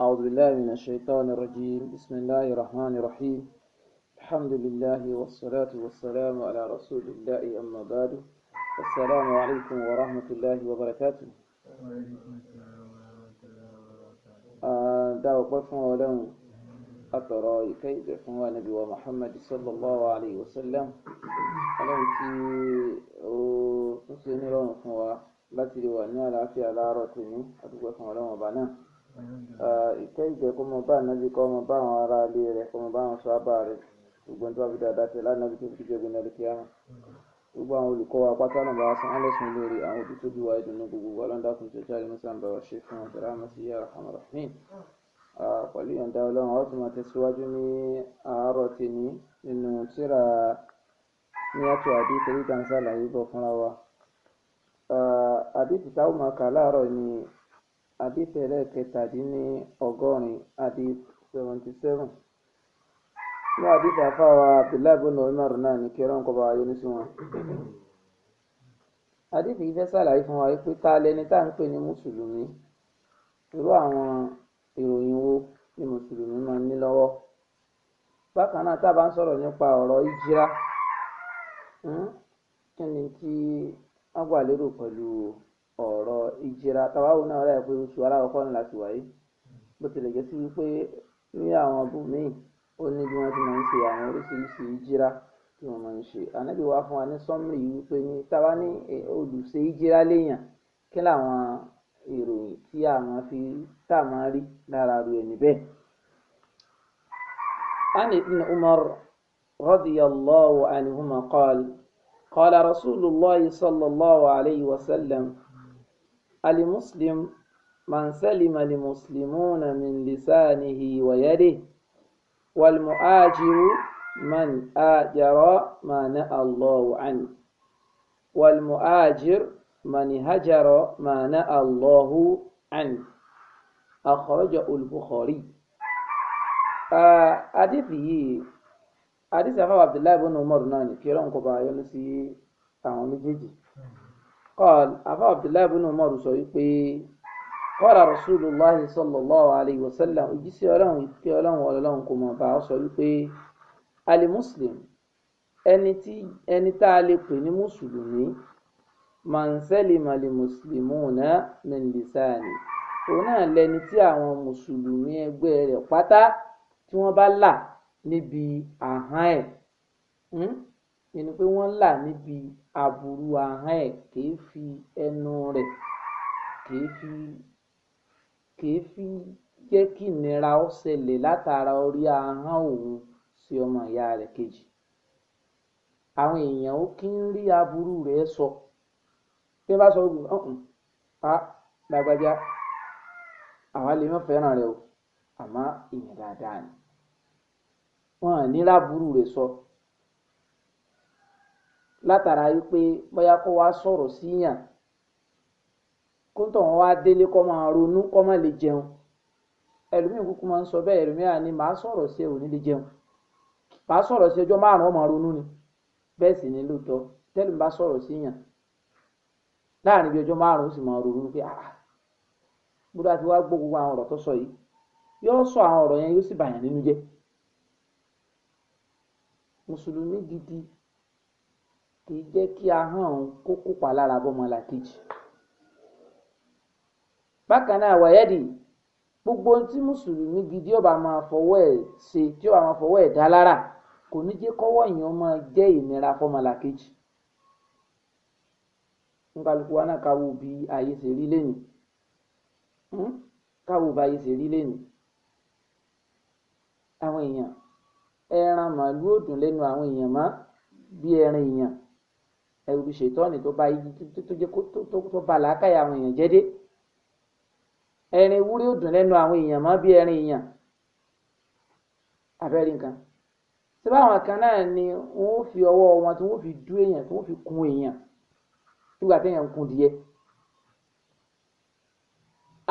أعوذ بالله من الشيطان الرجيم بسم الله الرحمن الرحيم الحمد لله والصلاة والسلام على رسول الله أما بعد السلام عليكم ورحمة الله وبركاته دعوة قفا ولو أترى كيف هو نبي محمد صلى الله عليه وسلم ألم تي أسلم لهم هو باتري وأنيا العافية على رأسني أتوقف ولو بنا ìkẹ́ ìgbẹ́ kó mọ bá ànábì kó mọ bá àwọn ará ilé rẹ̀ kó mọ bá àwọn sábà rẹ̀ gbogbo nípa fi dáadáa tẹ̀lé ànábì tó fi jẹ́gun ní ẹ̀rẹ́kẹ́ àwọn gbogbo àwọn olùkọ́ wa pátá náà bá san alẹ́sùn lórí àwọn òbí tó bí wa ìdùnnú gbogbo wa lọ́dà kùn tó jáde mọ́sá ń bá wa ṣe fún ọ̀tẹ̀rẹ́ àmọ́ sí yàrá àmọ́ rahmin pẹ̀lú ìyọ̀ǹda ọlọ́run ó tún máa tẹ̀síwájú ní àárọ̀ tèmi nínú tíra ní àtò àdé torí dansa làyè bọ̀ fúnra wa àdé tìta ó máa kà láàárọ̀ ni hadith ẹlẹ́ẹ̀kẹtàdínlọ́gọ́rin hadith seventy seven ní hadith àfáwà abdullahi bin umar náà ní kẹrọ nǹkan bá yọ ní sí wọn. hadith yìí fẹ́ sàlàyé fún wa pé ta lẹni tá à ń pè ní mùsùlùmí irú àwọn ìròyìn wo ni mùsùlùmí máa ń ní lọ́wọ́ bákan náà tá a bá ń sọ̀rọ̀ nípa ọ̀rọ̀ ìjìra hmm, kí ni tí wọ́n gbà lérò pẹ̀lú o ọ̀rọ̀ ìjìra tàwáwò náà rẹ̀ pé oṣù aláwọ̀kọ́ ńlá ti wáyé bó tilẹ̀ jẹ́ sí pé ní àwọn bùnmíì ó ní bí wọ́n ti máa ń ṣe àwọn oríṣiríṣi ìjìra tí wọ́n máa ń ṣe ànábì wá fún wa ní sọ́mìrì wípé ní táwa ní olùṣe ìjìra léèyàn kí làwọn ìròyìn tí a máa fi tá a máa rí lára ru ẹni bẹ́ẹ̀. عن ابن عمر رضي الله عنهما قال قال رسول الله صلى الله عليه وسلم المسلم من سلم المسلمون من لسانه ويده والمؤاجر من آجر ما نأى الله عنه والمؤاجر من هجر ما نأى الله عنه أخرجه البخاري حديث حديث أخو عبد الله بن عمر ناني كيرون كوبا يونسي أعوان جيجي قال أبا عبد الله بن عمر سويقي قال رسول الله صلى الله عليه وسلم اجسي ألهم يبكي ألهم وألهم كما باع سويقي المسلم ẹni tí ẹni tá a lè pè ní mùsùlùmí mọ̀nsẹ́lì màlì mùsùlùmúnà mẹ́ndísáàni òun náà lẹni tí àwọn mùsùlùmí ẹgbẹ́ rẹ̀ pátá tí wọ́n bá là níbi àhán ẹ̀ hmm? ẹni pé wọ́n là níbi aburú ahọ́n ẹ̀ kìí fi ẹnu rẹ̀ kìí fi kìí fi jẹ́ kí ìnira ó ṣẹlẹ̀ látara orí ahọ́n òun sí ọmọ ìyá rẹ̀ kejì àwọn èèyàn ó kí ń rí aburú rẹ̀ sọ bí wọ́n bá sọ ọ̀hún ọ̀hún a lágbájá àwa lè má fẹ́ràn rẹ o àmọ́ èèyàn dáadáa ni wọ́n ní láburú rẹ̀ sọ. So látara yìí pé bóyá kó wá sọ̀rọ̀ síyàn kó tó wọn wá délé kó máa ronú kó máa lè jẹun ẹlòmíì kúkú máa ń sọ bẹ́ẹ̀ ẹlòmíì àní màá sọ̀rọ̀ sí òní lè jẹun màá sọ̀rọ̀ sí ọjọ́ márùn-ún ó máa ronú ni bẹ́ẹ̀ sì ni lóòótọ́ tẹ́lẹ̀ bá sọ̀rọ̀ síyàn láàrin bí ọjọ́ márùn-ún sì máa ronú pé ah gbọ́dọ̀ àti wá gbọ́ gbogbo àwọn ọ̀rọ̀ tó sọ yìí yóò sọ àwọn ọ̀rọ̀ yẹn yóò sì bàyàn nínú jẹ́ mùsùlùmí gidi kì í jẹ́ kí ahọ́n òun kó kópa lára bọ́mọlàkejì. bákan náà wàyẹ́dì gbogbo ohun tí mùsùlùmí gidi ọba máa fọwọ́ ẹ̀ ṣe tí ọba máa fọwọ́ ẹ̀ dá lára kò ní jẹ́ kọ́wọ́ èèyàn máa jẹ́ ìnira fọ́mọlàkejì. níkàlùkù wa náà káwo bí ayé ṣe rí lẹ́nu hmm? káwo bí ayé ṣe rí lẹ́nu àwọn èèyàn ẹran màálùú ò dùn lẹ́nu àwọn èèyàn mọ́ bí ẹran èèyàn ẹrù ṣètọ́ni tó bá yí tó jẹ́ tó bá làákàyà àwọn èèyàn jẹ́ dé ẹrin ewúrẹ́ ò dùn lẹ́nu àwọn èèyàn mọ́ bí ẹrin èèyàn abẹ́rẹ́ nǹkan ṣé báwọn kan náà ni wọ́n fi ọwọ́ wọn tí wọ́n fi dú èèyàn tí wọ́n fi kun èèyàn nígbà téèyàn ń kun díẹ̀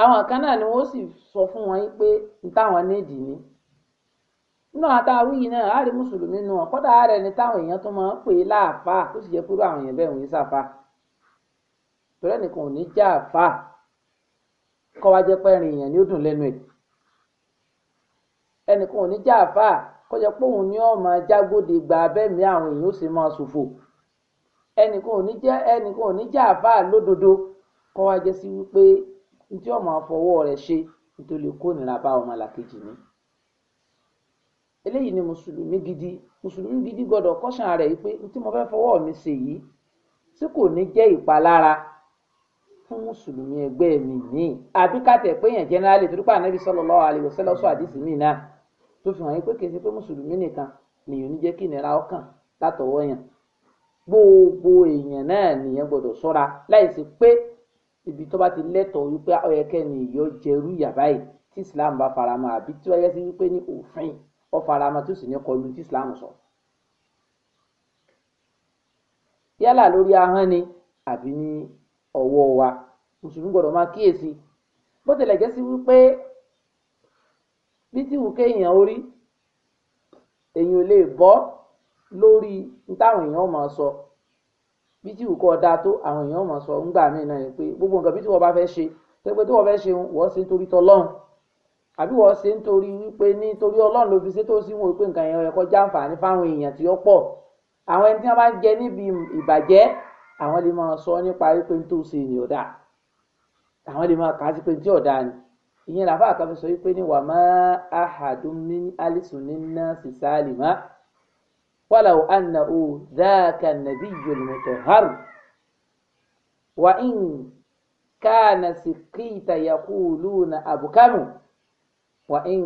àwọn kan náà ni wọ́n sì sọ fún wọn pé ní táwọn nídìí ni. nínú àtàwí náà a rí mùsùlùmí nù ọ kódà ààrẹ ni táwọn èèyàn tó máa ń pè é láàfáà tó sì jẹ kúrò àwọn èèyàn bẹ́ẹ̀ wọ́n sáfà torí ẹnìkan ò ní já àfà kọ́ wa jẹ́ èèyàn ni ó dùn lẹ́nu gba abẹ́mí àwọn èèyàn ó sì máa ṣòfò ẹnìkan ò ní jẹ́ ẹnìkan ò ní já àfà lódodo kọ́ wa jẹ́ sí wípé rẹ̀ ṣe nítorí kó nira bá eléyìí ni mùsùlùmí gidi mùsùlùmí gidi gbọ́dọ̀ kọsàn rẹ yìí pé tí mo fẹ́ fọwọ́ mi ṣe yìí tí kò ní jẹ́ ìpalára fún mùsùlùmí ẹgbẹ́ mi ní àbí kàtẹ pé yẹn jẹnẹrálì torí pé ànábì sallallahu alaihi wasallam sọ àdìsí mi náà tó fi hàn yín pé kì í ṣe pé mùsùlùmí nìkan lèyìn ní jẹ́ kí ìnira ọkàn látọwọ́ yẹn gbogbo èèyàn náà nìyẹn gbọ́dọ̀ ṣọ́ra láì pé ibi tó bá ti lẹ́tọ̀ọ́ wípé ọyẹkẹ ni ìyọ jẹrú yàbá tí Islam bá faramọ́ àbí tí wọ́n yẹ sí wípé ní òfin ọ fara mọ́ tí ó sì ní kọlu tí islam sọ yálà lórí ahọ́n ni àbí ní ọwọ́ wa mùsùlùmí gbọ́dọ̀ máa kíyèsí bó tilẹ̀ jẹ́ sí wípé bí tí wù kéèyàn orí èyàn ò lè bọ́ lórí táwọn èèyàn máa sọ bí tí wù kọ́ da tó àwọn èèyàn máa sọ ńgbà míì náà ni pé gbogbo nǹkan bí tí wọ́n bá fẹ́ ṣe pé tí wọ́n fẹ́ ṣe wọ́n ṣe nítorí tọ́lọ́run àbí wọ́n ṣe nítorí wípé nítorí ọlọ́run ló fi ṣe tó sí wọn pé nǹkan yẹn ẹ̀kọ́ já àǹfààní fáwọn èèyàn tí ó pọ̀ àwọn ẹni tí wọ́n bá ń jẹ níbi ìbàjẹ́ àwọn lè máa sọ nípa wípé tó ṣe ni ọ̀dà àwọn lè máa kà á sí pé tí ọ̀dà ni ìyẹn làbá àkàfẹ́ sọ wípé ní wàmọ́ ahadummi alisunina sisalima wàlàwò annahu dáàkà nabiyyul mutahhar wa in kana sikita yakuluna abukamu. وإن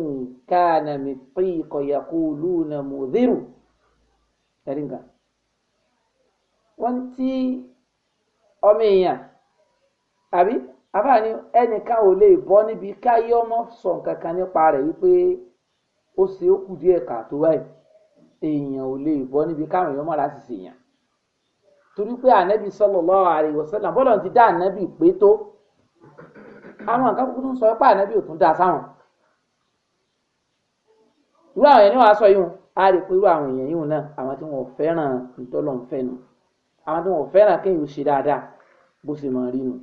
كان مطيق يقولون مذر ẹ̀rìngà wọ́n tí ọmọ èèyàn àbí abáàní ẹnìkan ò lè bọ́ níbi káyé ọmọ sọ nǹkan kan nípa rẹ̀ wípé ó ṣe ó kù díẹ̀ káàtó báyìí èèyàn ò lè bọ́ níbi káwọn èèyàn mọ̀ra sì ṣèyàn torí pé ànábì sallallahu alaihi wasallam bọ́lọ̀ ti dá ànábì pé tó àwọn nǹkan kúkú tó ń sọ pé ànábì ò tún dá sáwọn irú àwọn èèyàn ní wàá sọ yìí wọn á rí i pé irú àwọn èèyàn yìí wọn náà àwọn tí wọn fẹ́ràn ntọ́lọ́nfẹ́ nu àwọn tí wọn fẹ́ràn kéèyàn ṣe dáadáa bó ṣe mọ̀ rí nu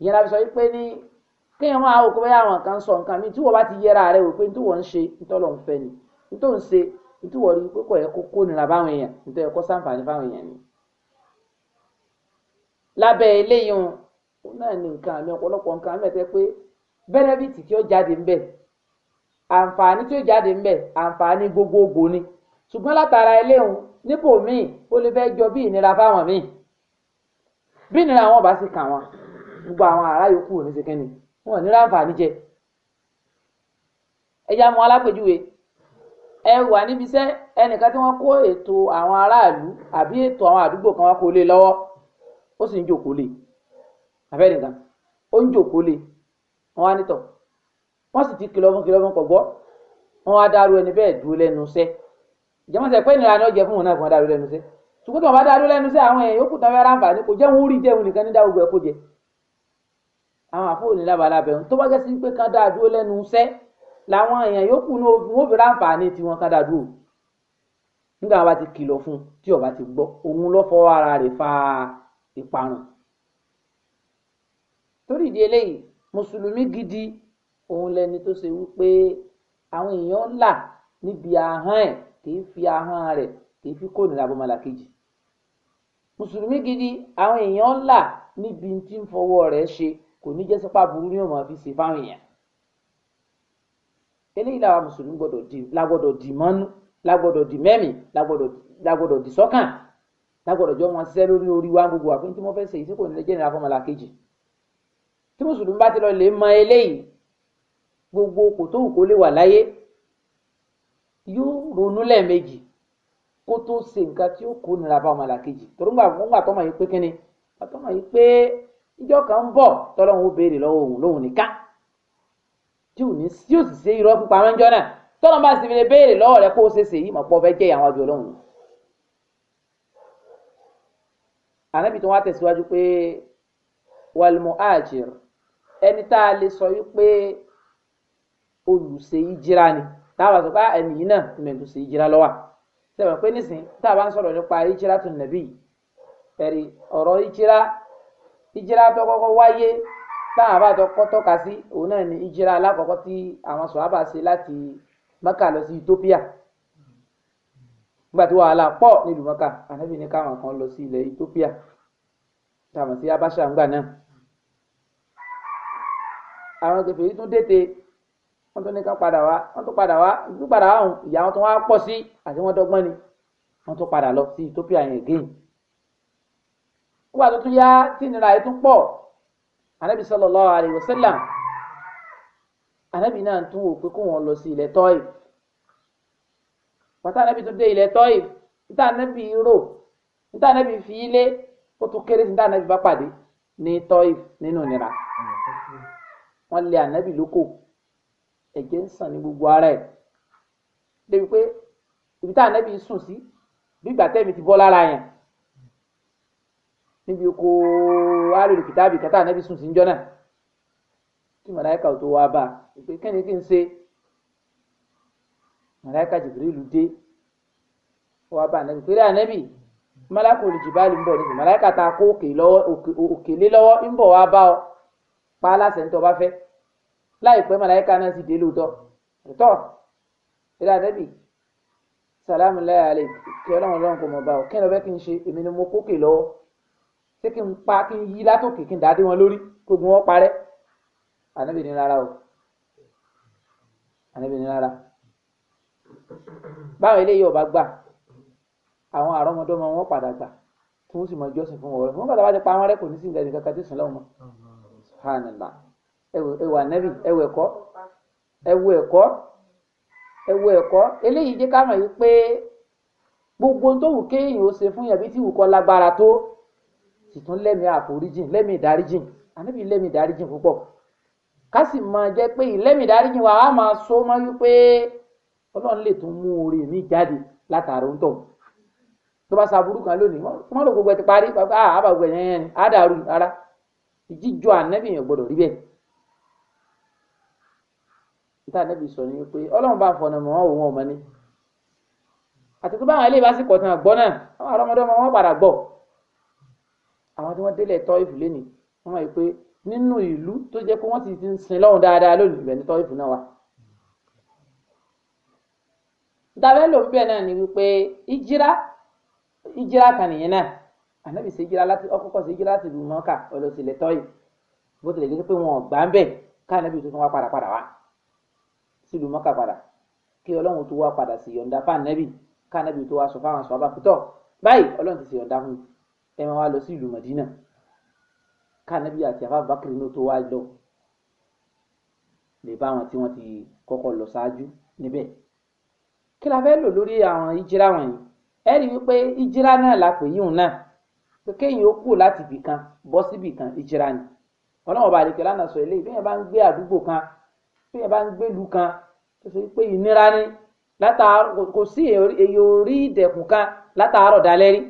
ìyẹn la fi sọ pé ní kéèyàn máa wò pé àwọn kan sọ nǹkan mi tí wọ́n bá ti yẹra rẹ̀ wò pé ntúwọ̀ ń ṣe ntọ́lọ́nfẹ́ ni ntó ń ṣe ntúwọ̀ rí pé kò yẹ kó kó nira báwọn èèyàn ntó yẹ kó sàǹfààní báwọn èèyàn ni. lábẹ́ eléyìí náà ni nǹkan àmì ọ̀pọ̀lọpọ̀ nǹkan àmì pé bẹ́nẹ́bìtì tí ó jáde ń bẹ̀ àǹfààní tí ó jáde ń bẹ àǹfààní gbogbogbò ni ṣùgbọ́n látara eléhùn nípò míì ó lè fẹ́ jọ bí ìnira fáwọn míì bí ìnira wọn bá sì kà wọn gbogbo àwọn ará yòókù ò ní ṣe kẹ́ni wọn ò ní ráǹfààní jẹ ẹja mọ alápèjúwe ẹ wà níbi iṣẹ́ ẹnìkan tí wọ́n kó ètò àwọn aráàlú àbí ètò àwọn àdúgbò kan wọ́n kó lé lọ́wọ́ ó sì ń jòkó lé abẹ́nìkan ó ń jòkó lé wọ́n á nítọ̀ wọ́n sì ti kìlọ̀ fún kìlọ̀ fún kò gbọ́ wọ́n wá dárú ẹni bẹ́ẹ̀ dúró lẹ́nu iṣẹ́ ìjọba sẹ pé ìnira ni ó jẹ fún wọn náà fún wọn dárú lẹ́nu iṣẹ́ ṣùgbọ́n tí wọ́n bá dárú lẹ́nu iṣẹ́ àwọn èèyàn yòókù tán fẹ́ ráǹfààní kò jẹ́ wọn rí jẹun nìkan ní dáwọ́ gbẹ kó jẹ àwọn àfọwọ́ni lábalábẹ́ wọn tó bá gẹ́ sí pé kán dáa dúró lẹ́nu iṣẹ́ làwọn èèyàn yòókù ní wọn fi ráǹfààní tiwọn kán dáa dúró nígbà wọn bá ti kìlọ̀ fún tí ó bá ti gbọ́ òun ló fọwọ́ ara rẹ̀ fa ìparun torí ìdí eléyìí mùsùlùmí gidi òun lẹni tó ṣe wípé àwọn èèyàn là níbi ahọ́n ẹ̀ kì í fi ahọ́n rẹ̀ kì í fi kó nira bọ́mọlà kejì mùsùlùmí gidi àwọn èèyàn là níbi tí ń fọwọ́ rẹ̀ ṣe kò ní jẹ́ sípà burú ní ọmọ fi ṣe fáwọn èèyàn eléyìí làwọn mùsùlùmí gbọ́dọ̀ di lágbọ́dọ̀ di mọ́nú lágbọ́dọ̀ di mẹ́mì lágbọ́dọ̀ di sọ́kàn lágbọ́dọ̀ jọ wọn ṣiṣẹ́ lórí orí wa gbogbo àfihàn tí wọ́n fẹ́ ṣe yìí sí kò ní jẹ́ nira fọmọlà kejì tí mùsùlùmí bá ti lọ lè mọ eléyìí gbogbo kò tó wù kó lè wà láyé yóò ronú lẹ́ẹ̀mejì kó tó ṣe nǹkan tí ó kó nira bá ọmọlàkejì torí ńgbà wọn gbà tọmọ yìí pé kínni àtọmọ yìí pé ìjọ kan ń bọ̀ tọlọ́run ó béèrè lọ́wọ́ òun lóhùn nìkan tí ò ní tí ò irọ́ pípa àwọn ẹjọ́ náà tọ́lọ́ bá sì fi béèrè lọ́wọ́ rẹ kó o ṣe ṣe yìí mọ̀pọ̀ fẹ́ jẹ́ àwọn àjọ lọ́hùn. ànábì tí wọ́n tẹ̀síwájú pé wàlmù àjẹr ẹni tá a lè sọ wípé olùṣe ìjìra ni táwọn sọ pé ah, ẹnì yìí náà ti mẹ́tò ṣe ìjìra lọ́wọ́ sẹ́wọ̀n pé nísìn tá a bá ń sọ̀rọ̀ nípa ìjìra tó nàbí ẹ̀rí ọ̀rọ̀ ìjìra ìjìra tó kọ́kọ́ wáyé táwọn àbá tó kọ́ tọ́ka sí òun náà ni ìjìra alákọ̀ọ́kọ́ tí àwọn sọ̀hábà ṣe láti mẹ́kà lọ sí ethiopia nígbà tí wàhálà pọ̀ nílùú mẹ́kà ànábì ní káwọn kan lọ sí ilẹ̀ ethiopia táwọn sí abáṣà ńgbà náà àwọn kẹfẹ́ yìí tún dé wọ́n tún ní kán padà wá wọ́n tún padà wá tún padà wá òun ìyá wọn tún wá pọ̀ sí àti wọ́n dọ́gbọ́n ni wọ́n tún padà lọ sí Ethiopia yẹn again. wọ́n àtúntún yá tí ìnira yìí tún pọ̀ anabi sallallahu alayhi wa anabi náà tún wò pé kó wọn lọ sí ilẹ̀ tọ́ì pàtó anabi tún dé ilẹ̀ tọ́ì níta anabi rò níta anabi fi ilé ó tún kéré níta anabi bá pàdé ní tọ́ì nínú ìnira wọ́n lé anabi lóko ẹ̀jẹ̀ ń sàn ní gbogbo ara ẹ̀ débi pé ibi tá ànábì sùn sí gbígbà tẹ́mi ti bọ́ lára yẹn níbi oko alòlù kìtàbì kẹta ànábì sùn sí njọ́ náà tí màláìka ò tó wá bá a pé kẹ́ni kí n ṣe màláìka jìbìrìlù dé wá bá ànábì pé rí ànábì màláìka olùjìbálì ń bọ̀ níbi màláìka ta kó òkèlé lọ́wọ́ ń bọ̀ wá bá ọ pa á láṣẹ ń tọ́ bá fẹ́ láìpẹ́ màláìka náà sì dé lóòótọ́ tọ́ ìlà àdẹ́bì sàlámù láyà àlè kí ọlọ́run ọlọ́run kò mọ̀ bá ọ kí ni ọbẹ̀ kí n ṣe èmi ni mo kókè lọ́wọ́ ṣé kí n pa kí n yí látòkè kí n dàdé wọn lórí gbogbo wọn parẹ́ ànábì ní rárá o ànábì ní rárá báwọn eléyìí ọba gbà àwọn àrọmọdọ́mọ wọn padà gbà tí wọn sì mọ ìjọsìn fún wọn rẹ wọn padà wá ti pa wọn rẹ kò ní sí ìdájọ́ kankan tí sùn lọ́wọ́ ẹwà nẹ́bì ẹwà ẹ̀kọ́ ẹwà ẹ̀kọ́ ẹwà ẹ̀kọ́ eléyìí jẹ́ pé gbogbo tó wù kéèyàn ó ṣe fún yàn tí wù kọ́ lágbára tó ìtún lẹ́mìí àforíjìn lẹ́mìí ìdáríjìn ànábì lẹ́mìí ìdáríjìn púpọ̀ ká sì máa jẹ́ pé ìlẹ́mìí ìdáríjìn wa á máa so mọ́ ọlọ́run lè tún mú mi jáde ń tọ̀ tó bá kan lónìí níta níbi sọ ni pé ọlọ́run bá fọ̀nà mọ́ òun ọmọ ni àti tó báwọn eléyìí bá sì pọ̀ tán àgbọ́ náà àwọn àrọ́mọdé ọmọ wọn padà gbọ́ àwọn tí wọ́n délẹ̀ tọ́ ìfù lẹ́nìí wọ́n mọ̀ pé nínú ìlú tó jẹ́ pé wọ́n ti ti ń sin lọ́hùn dáadáa lónìí ibẹ̀ ní tọ́ ìfù náà wà. dàbẹ́ ló ń bẹ̀ náà ni wípé ìjírá ìjírá kan nìyẹn náà ànábì sí ìjírá láti ọkọ̀ọ̀kọ̀ sí ìjírá láti ìlú mọ́kà ọlọ́sílẹ̀ tọ́yì bó tilẹ̀ jẹ́ pé wọn ò gbà ń bẹ̀ káànábì sílùú mọ́kà padà kí ọlọ́run tó wá padà sí yọ̀ǹda fáànẹ́bì káànẹ́bì tó wá sọ fáwọn sọ́ọ́bà pítọ̀ báyìí ọlọ́run ti sì yọ̀ǹda fún ẹ máa wá lọ sí ìlú Mádínà káànẹ́bì àti afábàkiri náà tó wá lọ lè bá àwọn tí wọ́n ti kọ́kọ́ lọ ṣáájú níbẹ̀ kí la fẹ́ lò lórí àwọn ìjírá wọ̀nyí ẹ rí i pé náà la pè yíhun náà pé kéèyàn ó kù láti ibì kan bọ́ síbì kan ìjírá ni ọlọ́run ọba àdìkẹ́ lánàá sọ eléyìí bí èèyàn bá ń gbé àdúgbò kan bí èèyàn bá ń gbélùú kan tó ṣe pé ìnira ni látàárọ̀ kò sí èyí orí ìdẹ̀kùn kan látàárọ̀ dalẹ́ rí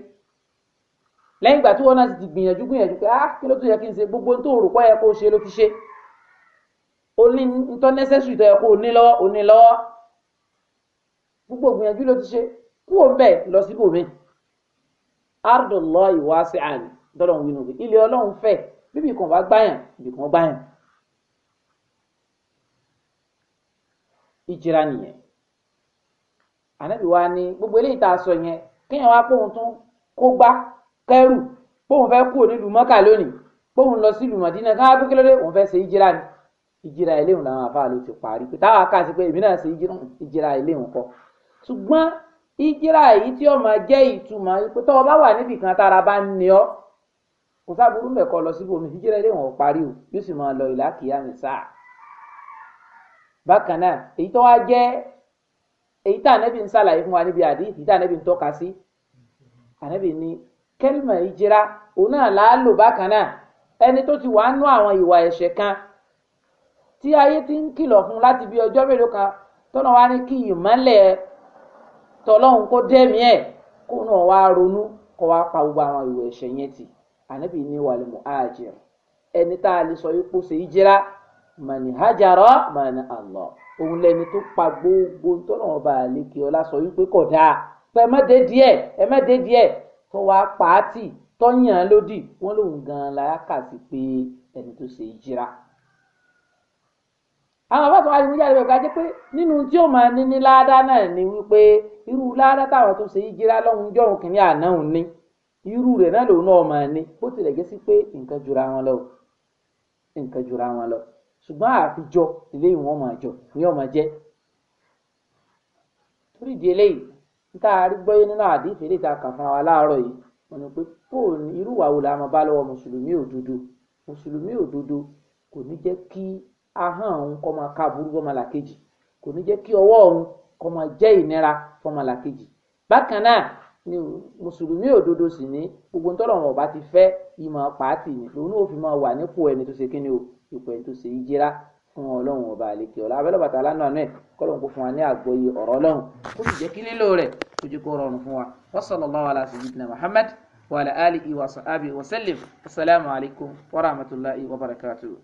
lẹ́yìn ìgbà tí wọ́n náà ti gbìyànjú gbìyànjú pé ah kí ló tó yẹ kí n ṣe gbogbo tó rò pé ẹ kó ṣe ló ti ṣe ó ní ntọ́ nẹ́sẹ̀sì tó yẹ kó ní lọ́wọ́ ó ní lọ́wọ́ gbogbo gbìyànjú ló ti ṣe kú òun bẹ́ẹ̀ lọ síbò mi ardùn lọ ìwà sí àná dọ́lọ́hún wínú ilé ọlọ́run fẹ́ bíbí kan bá gbáyàn ibì kan gbáyàn. ìjìrà nìyẹn ànábì ni gbogbo eléyìí tá a sọ yẹn kéèyàn wá pòun tún kó gbá kẹrù pòun fẹ́ kúrò nílùú mọ́kà lónìí pòun lọ sílùú mọ̀dínà ká wá kékeré òun fẹ́ ṣe ìjìrà ni ìjìrà eléhùn làwọn àfáà ló ti parí pé táwa kà sí pé èmi náà ṣe ìjìrà eléhùn kọ ṣùgbọ́n ìjìrà yìí tí ó máa jẹ́ ìtumọ̀ pé tọ́ ọ bá wà níbì kan tára bá ń ní ọ kò sábúrú mẹ́kọ lọ síbòmí ìjìrà eléhùn ọ̀ parí o yóò sì máa lọ ìlà kìí sáà bákan náà èyí tó wá jẹ́ èyí tá ànábì ń ṣàlàyé fún wa níbi àdìsí tá ànábì ń tọ́ka sí ànábì ní kẹ́lìmọ̀ ìjìra òun náà láálò bákan náà ẹni tó ti wàá nú àwọn ìwà ẹ̀ṣẹ̀ kan tí ayé ti ń kìlọ̀ fún láti bí ọjọ́ mélòó kan tọ́nà wá ní kí ìmọ́lẹ̀ tọlọ́hun kó dẹ́mi ẹ̀ kó náà wá ronú kó wá pa gbogbo àwọn ìwà ẹ̀ṣẹ̀ yẹn tì ànábì ní wàlúmọ̀ àjẹ ẹni tá a lè sọ yìí kó ṣe ìjìra mani hajara mani Allah òun lẹni tó pa gbogbo tọ́nà ọba àlekè ọlá sọ wípé kò dáa pé ẹ má dé díẹ̀ ẹ má dé díẹ̀ tó wá pàátì tọ́yàn lódì wọ́n lòun gan-an láyà kà sí pé ẹni tó ṣe ìjìra àwọn afáàtò wa ti mú jáde ọ̀gá pé nínú tí ó máa ní ní láádá náà ni wípé irú láádá táwọn tó ṣe yí jírá lọ́hún jọ̀rùn kìíní àná òun ní irú rẹ̀ náà lòun náà máa ní bó tilẹ̀ jẹ́ sí pé nǹkan jura wọn lọ nǹkan jura wọn lọ ṣùgbọ́n àfijọ eléyìí wọ́n máa jọ ní ọmọ jẹ́ torí ìdí eléyìí níta gbọ́yé nínú àdéhùn eléyìí tá a kà fún wa láàárọ̀ yìí wọ́n ní pé fóònù irú ìwà wo la máa bá lọ́wọ́ mùsùlùmí òdodo mùsùlùmí òdodo kò ní jẹ́ kí ahọ́n òun kó máa ká burú fọmọlàkejì kò ní jẹ́ kí ọwọ́ òun kó máa jẹ́ ìnira fọmọlàkejì bákan náà ni mùsùlùmí òdodo sì ní gbogbo ntọ́lọ́wọ̀n ọba ti fẹ́ ìmọ̀ pàtì lòun náà fi máa wà nípò ẹni tó ṣe kíni o ipò ẹni tó ṣe ìjírá fún ọlọ́run ọba àlekè ọ̀la abẹ́lẹ́ bàtà lánàá náà kọ́lọ́n kó fún wa ní àgbọ́yé ọ̀rọ̀ ọlọ́run kó sì jẹ́ kí lílo rẹ̀ kó jẹ́ kó rọrùn fún wa wa sallallahu ala sayyidina Muhammad wa ala alihi wa sahbihi wa